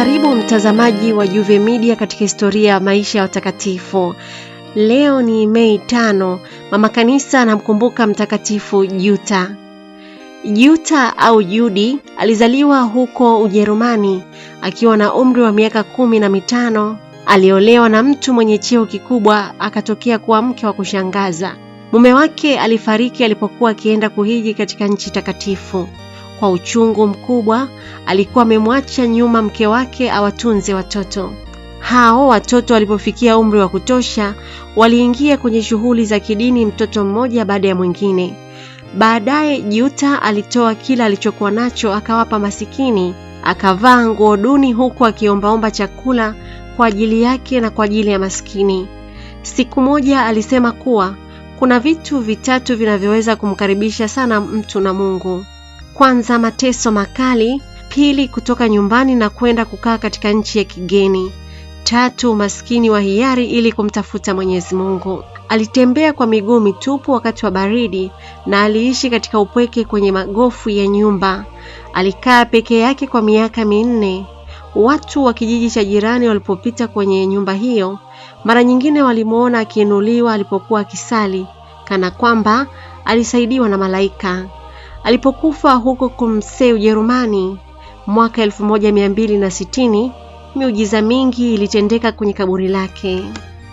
Karibu mtazamaji wa Juve Media katika historia ya maisha ya watakatifu. Leo ni Mei tano. Mama Kanisa anamkumbuka Mtakatifu Juta. Juta au Judi alizaliwa huko Ujerumani. Akiwa na umri wa miaka kumi na mitano aliolewa na mtu mwenye cheo kikubwa, akatokea kuwa mke wa kushangaza. Mume wake alifariki alipokuwa akienda kuhiji katika nchi takatifu. Kwa uchungu mkubwa, alikuwa amemwacha nyuma mke wake awatunze watoto hao. Watoto walipofikia umri wa kutosha, waliingia kwenye shughuli za kidini, mtoto mmoja baada ya mwingine. Baadaye Juta alitoa kila alichokuwa nacho akawapa masikini, akavaa nguo duni huku akiombaomba chakula kwa ajili yake na kwa ajili ya masikini Siku moja alisema kuwa kuna vitu vitatu vinavyoweza kumkaribisha sana mtu na Mungu kwanza mateso makali, pili kutoka nyumbani na kwenda kukaa katika nchi ya kigeni, tatu umaskini wa hiari ili kumtafuta Mwenyezi Mungu. Alitembea kwa miguu mitupu wakati wa baridi na aliishi katika upweke kwenye magofu ya nyumba. Alikaa peke yake kwa miaka minne. Watu wa kijiji cha jirani walipopita kwenye nyumba hiyo, mara nyingine walimwona akiinuliwa alipokuwa akisali, kana kwamba alisaidiwa na malaika alipokufa huko Kumsee, Ujerumani mwaka 1260. Miujiza mingi ilitendeka kwenye kaburi lake.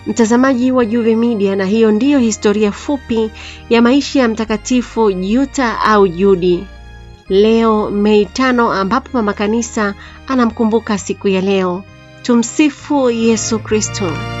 Mtazamaji wa Juve Media, na hiyo ndiyo historia fupi ya maisha ya Mtakatifu Juta au Judi. Leo Mei tano, ambapo mama kanisa anamkumbuka siku ya leo. Tumsifu Yesu Kristo.